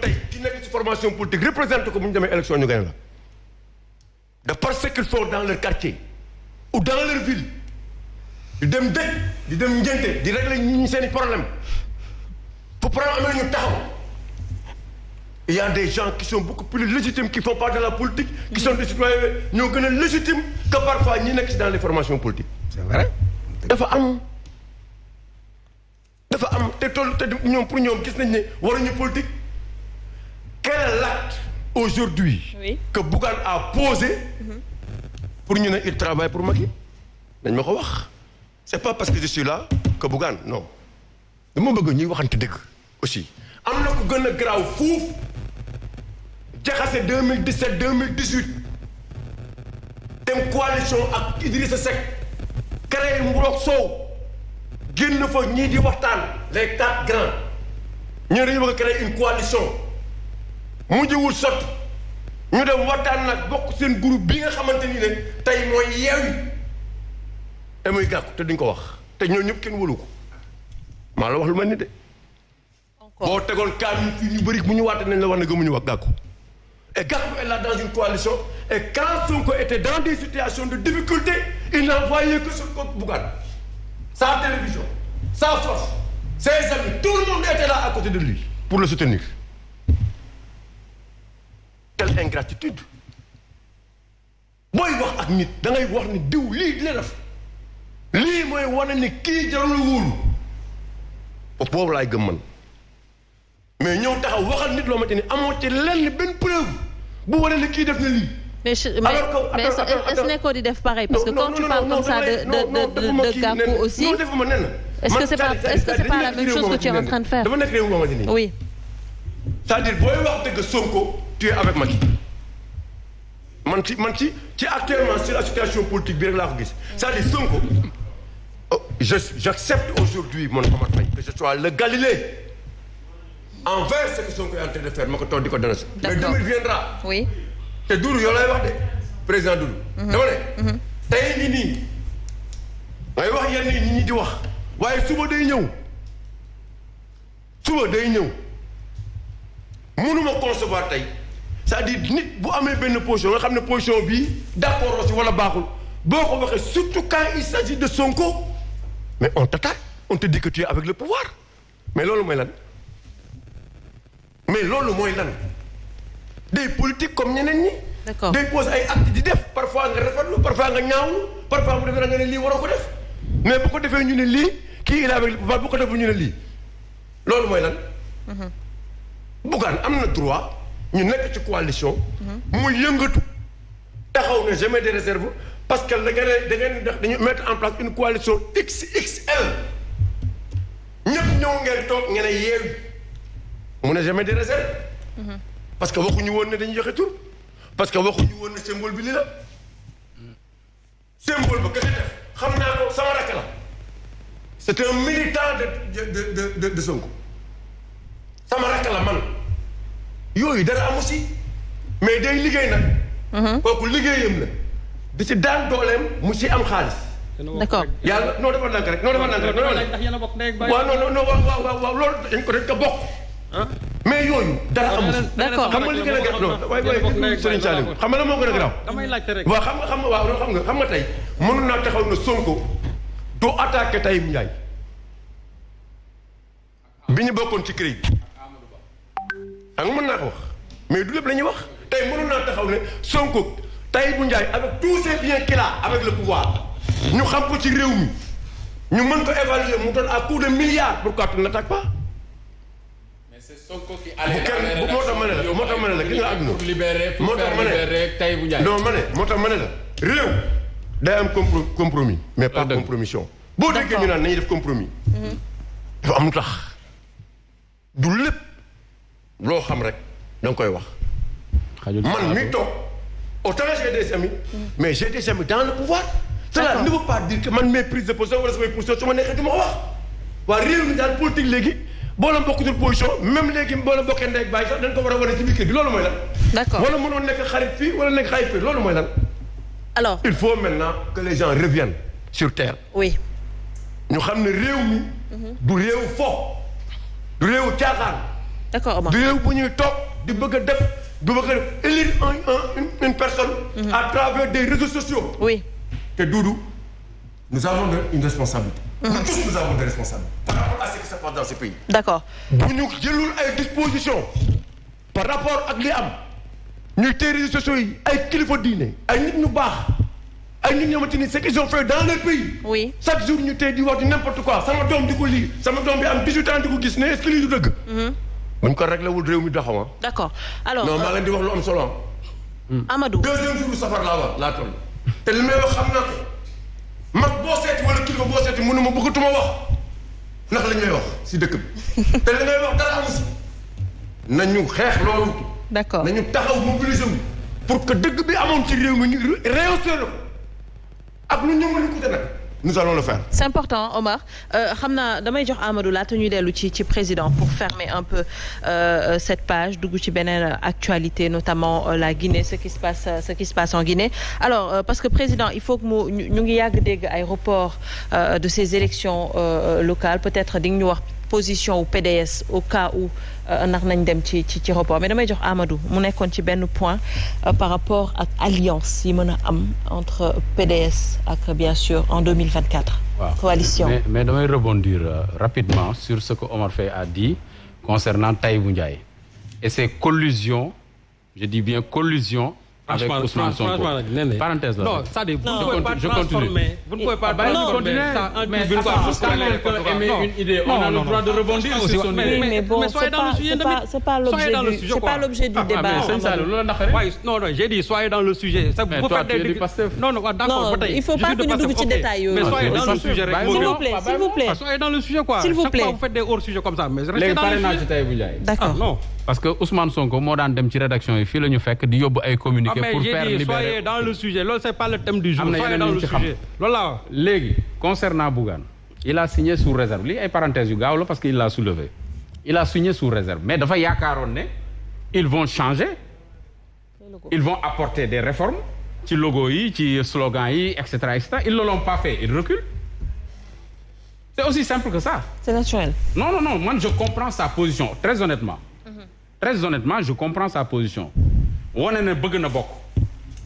tey ki nekk ci formation politique représente ko bu ñu demee élection ñu gañ la de par ce qu'ils font dans leur quartier ou dans leur ville di dem dëj di dem njënte di régler ñu seen i problème pour problème amee ñu taxaw il y a des gens qui sont beaucoup plus légitimes qui font part de la politique qui sont des ñoo gën a légitimes que parfois ñi nekk ci dans les formation politiques c'est vrai dafa am dafa am te toll te ñoom pour ñoom gis nañ ne waruñu politique aujourd'hui oui. que Bougane a posé mhm. pour ñu ne ut travaille pour Macky dañ ma ko wax c'est pas parce que je suis là que Bougane non dama bëgg ñuy waxante dëgg aussi am na ku gën a garaaw fuuf jaxase 2017 2018 dem coalition ak Idrissa Seck créé Mburok soow génn fa ñii di waxtaan les quatre grands ñoo dañu bëgg a créer une coalition mu mujjewul sot ñu dem waxtaan nag bokk seen group bi nga xamante ni ne tey mooy yeewi te muy gàkku te duñ ko wax te ñoo ñëpp kenn wëlu ko maa la wax lu ma ni de boo tegoon kaam ñu bëri bu ñu waatee nañ la wax ne gëmuñu wax gàkku et Gakou est là dans une coalition et quand Sonko dans des situations de difficulté il n'envoyait que son compte Bougane sa télévision sa force ses amis tout le monde était là à côté de lui pour le soutenir telle ingratitude booy wax ak nit dangay ngay wax ni diw lii la def lii mooy wane ni kii jarul wóolu boobu laay gëm man mais ñëw taxaw waxal nit loo ma ci ni amoo ci lenn benn preuve bu wane ni kii def na lii. mais mais est-ce di def pareil parce que quand tu parles comme ça de de de aussi est-ce que c'est pas est-ce que c'est pas la même chose que tu es en train de faire. ma ci nii. oui. c'est-à-dire booy wax dëgg Sonko. tu es avec Macky ci man ci ci actuellement sur la situation politique bi laa ko gis c'est-à-dire Sonko oh, je j'accepte aujourd'hui mon Amath Faye que je sois le Galilée envers ce que Sonko est en train de faire ko toog di ko dénoncer mais demain viendra oui te Doudou yow lay wax de président Doudou mhm. dama ne mhm. tey ni nii ngay wax yenn nit ñi di wax waaye suba day ñëw suba day ñëw mënuma concevoir tey c'est-à-dire nit bu amee benn position nga xam ne position bii d'accord aussi wala baaxul boo ko waxee surtout quand il s'agit de Sonko mais on t'attaque on te dit que tu es avec le pouvoir mais loolu mooy lan mais loolu mooy lan day politique comme ñeneen ñi. d'accord day pose ay actes di def parfois nga rafetlu parfois nga ñaawlu parfois bu defee nga ne lii waroo ko def mais bu ko defee ñu ne lii kii il est avec le pouvoir bu ko defee ñu ne lii loolu mooy lan. Mhm. Bougane am na droit. ñu nekk ci coalition. mu yëngatu taxaw ne jamais de réserve parce que da ngeen da ngeen def dañu mettre en place une coalition XXL. ñëpp ñëw ngeen toog ngeen a yeewu mu ne jamais de réserve. parce que waxuñu woon ne dañu joxe parce que waxuñu woon ne symbole bi li la. symbole ba ka def xam naa ko sama rakk la. c'est un militant de de de de de sama rakk la man. yooyu dara amu si mais day liggéey nag. Mhm. kooku liggéeyam la. di ci daan dooleem mu ci am xaalis. d'accord yàlla noo defal nank rek noo defal nank rek noo defal waaw non non waaw waaw waaw loolu dañ ko dañ ko bokk. mais yooyu dara amul. d'accord xam nga li gën a gën non waaye waaye Serigne Saliou xam nga la moo gën a garaaw. damay laajte rek waaw xam nga xam nga waaw xam nga xam nga tey mënu naa taxaw na Sonko doo attaqué Taïb Ndiaye bi ñu bokkoon ci crédit ak ah, mën naa ko wax mais du lépp la ñuy wax tey mënoon naa taxaw ne Sonko Tahibou Ndiaye avec tous ses biens qu'il a avec le pouvoir ñu xam ko ci réew mi ñu mën ko évaluer mu doon à coup de milliards pourquoi tu n'attaques pas. mais c'est Sonko qui moo tax ma moo tax ma la gis nga àdduna. moo tax ma ne la non ma la réew am compro compromis mais pas compromission. boo déggee ñu naan nañuy def compromis mhm. dafa am tax du lépp. loo xam rek da koy wax. man mi toog autant j'ai des amis. Mm. mais j'ai des amis dans le pouvoir. cela ne veut pas dire que man mes de position wala samay position su ma nekkee ko wax. waa réew mi daal politique léegi boo la mbokkutul position même léegi boo la mbokkee ndey ak baay war a wane ci biir kër gi loolu mooy lan. d'accord wala mënoon nekk xarit fii wala nekk xarit fii loolu mooy lan. alors il faut maintenant que les gens reviennent sur terre. oui. ñu xam ne réew mi. Mm-hmm. du réew fo. du réew caaxaan. d'accord Omar réew bu ñuy toog di bëgg a def di bëgg a def élire un une personne. Mhm. à travers des réseaux sociaux. oui te Doudou nous avons une responsabilité. Mhm. nous tous nous avons des responsabilités. par rapport à ce qui se passe dans ce pays. d'accord bu ñu jëlul ay dispositions par rapport ak li am ñuy téye réseaux sociaux yi ay kilifa diine ay nit ñu baax. ay nit ñoo xamante ni ce qu'ils ont fait dans leur pays. oui chaque jour ñu tey di wax di n'importe quoi sama doom di ko lii sama doom bi am 18 ans di ko gis ne est-ce que lii du dëgg. Mhm. buñ ko réglé wul réew mi doxaw ah. d' accord alors non maa euh, leen di wax lu am solo hmm. Amadou deuxième jour safar laa wax laa toll. te may wax xam naa mag boo seeti wala kilifa boo seeti mënu ma bëggatuma wax ndax lañ may wax si dëkk bi te li ngay wax dara amu si nañu xeex loolu. d' accord nañu taxaw mobiliser wu. pour que dëgg bi amoon ci réew mi ñu réew ak lu ñëw mën a nag. nous allons le faire. c'est important Omar euh, xam naa damay jox Amadou laata dellu ci ci président pour fermer un peu euh, euh, cette page dugg ci beneen actualité notamment euh, la Guinée ce qui se passe euh, ce qui en Guinée alors parce que président il faut que mu ñu ngi yàgg dégg ay report de ces élections locales peut-être di nga ñu wax. position wu PDS euh, ndax nañ dem ci ci ci report damay jox Amadou mu nekkoon ci benn point euh, par rapport ak alliance yi mën a am entre ak bien sûr en 2024 waaw coalition mais mais damay rebondir euh, rapidement sur ce que Omar Faye a dit concernant Taïbou Ndiaye et ses avec Ousmane Sonko parenthèse la non c'est-à-dire vous ne pouvez pas transformer vous ne pouvez pas transformer ça en mais ça une idée on a le droit de rebondir ah, aussi mais bon c'est pas c'est pas l'objet du ah, ah, débat waaye non non j'ai dit soyez dans le sujet ça vous faites des non non d'accord ba tey il faut pas que ñu dugg ci détail yooyu mais soyez dans le sujet rek s'il vous plaît s'il vous plaît soyez dans le sujet quoi s'il vous plaît vous faites des hors sujets comme ça mais restez dans le sujet d'accord non parce que Ousmane Sonko moo daan dem ci rédaction yi fii la ñu fekk di yóbbu ay communiqué mais pour faire le sujet loolu c'est pas le thème du jour. am na yeneen yu ñu ci xam loolu laa wax léegi concernant Bougane il a signé sous réserve lii ay parenthèses yu gaaw il l'a soulevé il a signé sous réserve mais dafa yaakaaroon ne ils vont changer ils vont apporter des réformes ci logo yi ci slogan yi et cetera et cetera ils ne l'ont pas fait ils reculent c'est aussi simple que ça. c'est naturel. non non man je comprends sa position très honnêtement. Mm -hmm. très honnêtement je comprends sa position. wane na bëgg na bokk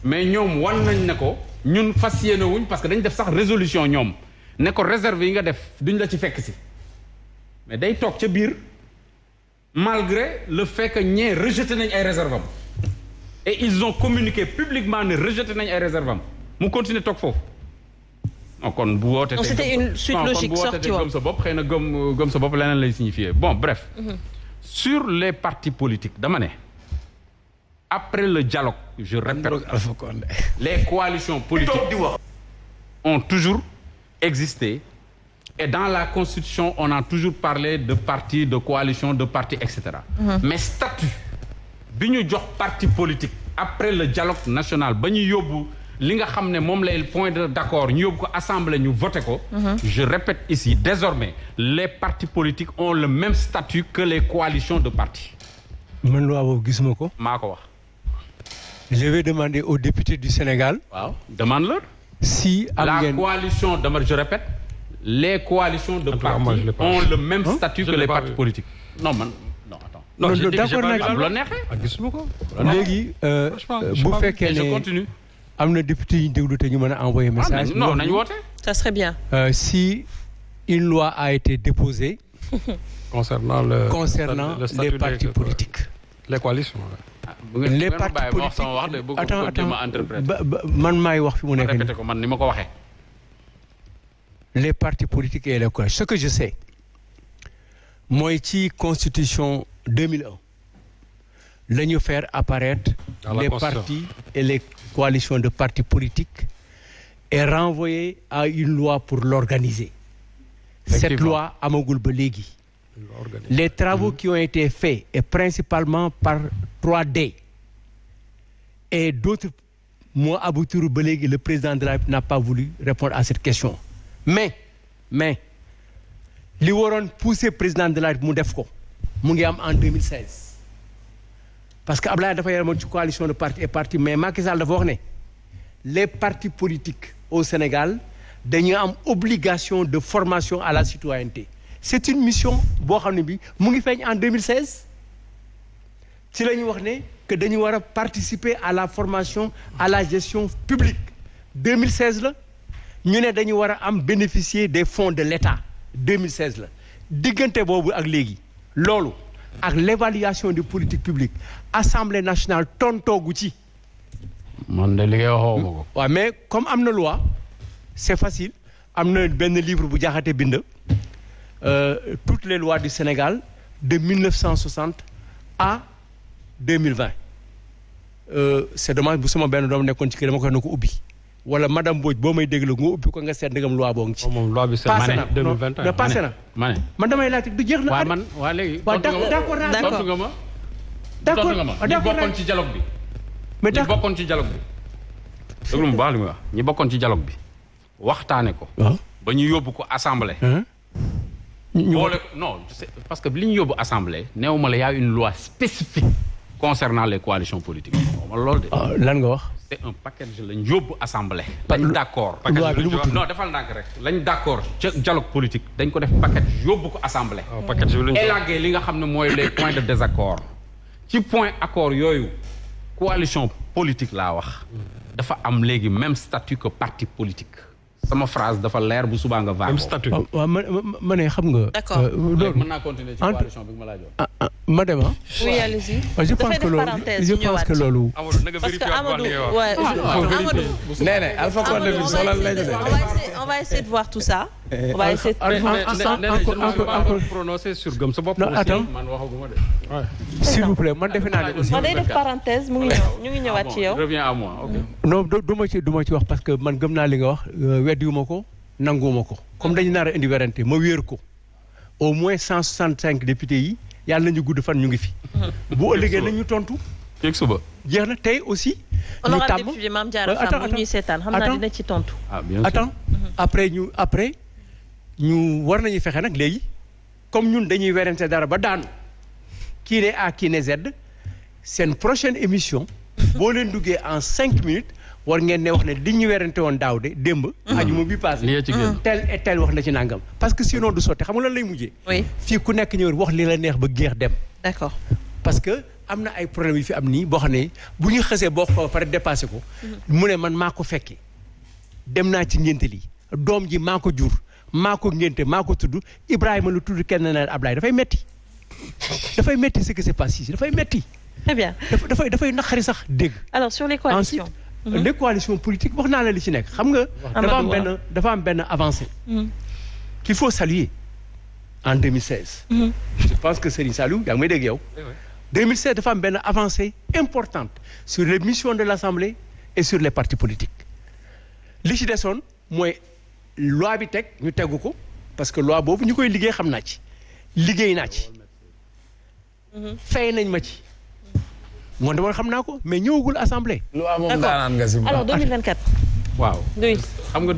mais ñoom wan nañ ne ko ñun fas yéene wuñ parce que dañ def sax résolution ñoom ne ko réserve yi nga def duñ la ci fekk si mais day toog ca biir malgré le fait que ñee rejeté nañ ay réserve am et ils ont communiqué publiquement ne rejeté nañ ay réserve am mu continuer toog foofu kon bu wootee c'était une suite logique sorti woon gëm sa bopp xëy na gëm gëm sa bopp leneen lay signifier bon bref mm-hmm. sur les partis politiques dama ne après le dialogue je répète les coalitions politiques ont toujours existé et dans la constitution on a toujours parlé de parti de coalition de parti etc mm mais statut bi ñu jox parti politique après le dialogue national ba ñu yóbbu li nga xam ne moom lay point de d'accord ñu yóbbu ko assemblée ñu voté ko mhm. je répète ici désormais les partis politiques ont le même statut que les coalitions de partis man loi boobu gisuma ko maa ko wax je vais demander aux députés du Sénégal. waaw demande-leur. si am ngeen la coalition dama je répète. les coalitions de partis ont le même statut que les partis politiques. non man non attends. non je dis que gisuma ko. Euh, euh, bu fekkee ne je am na député yu ñu déglu te ñu mën a envoyer ah, message. ah non nañu woote. ça serait bien. Euh, si une loi a été déposée. concernant le concernant les partis politiques. les coalitions. les partis politiques attends attends man maay wax fi mu nekk nii man ni ma ko waxee. les partis politiques et les collèges ce que je sais mooy ci constitution 2001 la ñu faire apparaître les partis et les coalitions de partis politiques et renvoyé à une loi pour l'organiser cette loi amagul ba léegi Les travaux mmh. qui ont été faits, et principalement par trois d et d'autres moo aboutir ba léegi le président de la République n'a pas voulu répondre à cette question mais mais li waroon pousser président de la mu def ko mu ngi am en 2016 parce que Ablaye dafa yaremoon ci coalition de parti et parti mais Macky Sall dafa wax ne les partis politiques au Sénégal dañu am obligation de formation à la citoyenneté c'est une mission boo xam ne bi mu ngi feeñ en 2016 ci la ñu wax ne que dañu war a participer à la formation à la gestion publique 2016 la ñu ne dañu war a am bénéficier des fonds de l'État 2016 la diggante boobu ak léegi loolu ak l'évaluation des politiques publiques Assemblée nationale tontoogu ci. man de li ngay waxoo ma ko. waaw mais comme am na loi c'est facile am na benn livre bu jaaxate bind. euh, toutes les lois du Sénégal de 1960 à 2020 euh, c'est dommage bu sama benn doom nekkoon ci kër dama koy na ko ubbi wala madame Mbodj boo may déglu nga ubbi ko nga seet ndegam loi boo ngi ci. Oh, moom loi man damay laajte du jeex na. waaw man waaw léegi. waaw d'accord nga ma. d'accord bokkoon ci dialogue bi. mais ci dialogue ñi bokkoon ci dialogue bi waxtaane ko. ba ñu yóbbu ko assemblée. boole non parce que li ñu yóbbu assemblée néew ma la y a une loi spécifique concernant les coalitions politiques loolu de. Ah, lan nga wax. c'est un package lañ yóbbu assemblée. lañ d'accord non defal ndànk rek. lañ d'accord ca dialogue politique dañ ko def package yóbbu ko assemblée. Ah, package élagué li nga xam ne mooy les points de désaccord ci point accord yooyu coalition politique laa wax dafa am léegi même statut que parti politique. sama phrase dafa leer bu subaa nga vaar. Ah, waaw ma ma ne xam nga. d'accord euh, loolu mën naa continuer ci coalition bi ma laajoon. ah ah madame ah. oui allez-y. Ah, je pense que loolu je pense que loolu. parce que Amadou waaye Amadou. nee na Alpha Condé bi soxla lañu de. on va essayer de voir tout ça. on va ah, essayer de. encore encore encore prononcer sur gëm sa bopp. non attends man waxaguma de. s'il vous plaît man defe naa ne aussi. man day def parenthèse mu ngi ñëw ñu ngi ñëwaat ci yow. revient à moi ok. non du ma ci du ma ci wax parce que man gëm naa li nga wax. Euh, weddiwuma ko nanguwuma ko comme dañu naar a indi werante ma wéer ko au moins cent soixante cinq députés yi yàlla nañu gudd fan ñu ngi fi. bu ëllëgee ñu tontu. yeeg suba jeex na tey aussi. ñu tàmm honorable Mame Diarra ñuy euh, seetaan xam naa dina ci tontu. ah bien sûr attends mm-hmm. après ñu après ñu war nañu fexe nag léegi comme ñun dañuy werante dara ba daanu kii ne A kiine ne Z seen prochaine émission. Mm-hmm. boo leen duggee en cinq minutes. war ngeen ne wax ne di ñu werante woon daaw de démb. Mhm. ajuma bi paase. lii mhm. tel tel wax la ci nangam. parce que sinon du sotti xam nga lan lay mujjee. oui fii ku nekk ñëw wax li la neex ba géex dem. d'accord parce que am na ay problème yu fi am nii boo xam ne bu ñu xasee boo ko pare dépassé ko. Mhm. mu ne man maa ko fekke dem naa ci ngénte lii doom ji maa ko jur maa ko ngénte maa ko tudd Ibrahima lu tudd kenn na Ablaye dafay metti dafay metti ce qui se passe ici dafay metti. très bien dafay dafay sax dégg. alors sur les coalitions ensuite Mm-hmm. les coalitions politique wax naa la li ci nekk xam nga. dafa am benn dafa am benn avancée. Mm-hmm. qu'il faut saluer en 2016. Mm-hmm. je pense que Serigne Saliou yaa ngi may dégg yow. 2016 dafa am benn avancé importante sur les missions de l'Assemblée et sur les partis politiques li ci desoon mooy loi bi teg ñu tegu ko parce que loi boobu ñu koy liggéey xam naa ci liggéey naa ci. fay nañ ma ci. ngoon demoon xam naa ko mais ñëwagul assemblée. lu amoon daanaan nga si alors waaw xam nga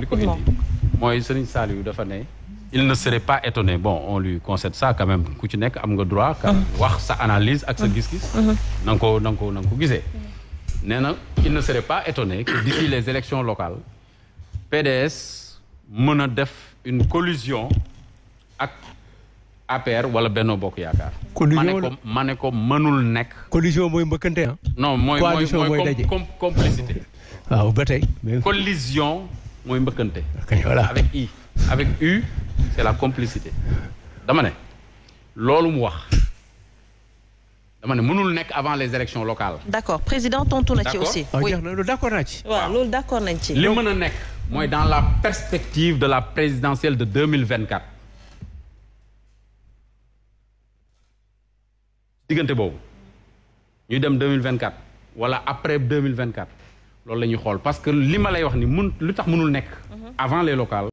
2024 li ko indi. mooy Serigne Saliou dafa ne. il ne serait pas étonné bon on lui concède ça quand même ku ci nekk am nga droit. wax sa analyse ak sa gis-gis. Mm-hmm. Mm-hmm. na nga ko na nga ko na ko gisee. nee na il ne serait pas étonné que d'ici les élections locales PDS mën a def une collusion ak. APR wala Benno Bokk Yaakaar. collision la ma ne ko mënul nekk. collision mooy mbëkkante ah. non mooy mooy com complicité. waaw ba tey. collision mooy mbëkkante. voilà avec I avec U c'est la complicité dama ne loolu mu wax dama ne mënul nekk avant les élections locales. d'accord président tontu na ci aussi. Ah, oui d'accord naa ci. waaw ci. li mën a nekk mooy dans la perspective de la présidentielle de deux mille vingt-quatre diggante boobu ñu dem 2024 wala après 2024 loolu la ñuy xool parce que li ma lay wax ni mun lu tax mënul nekk mhm. avant les locales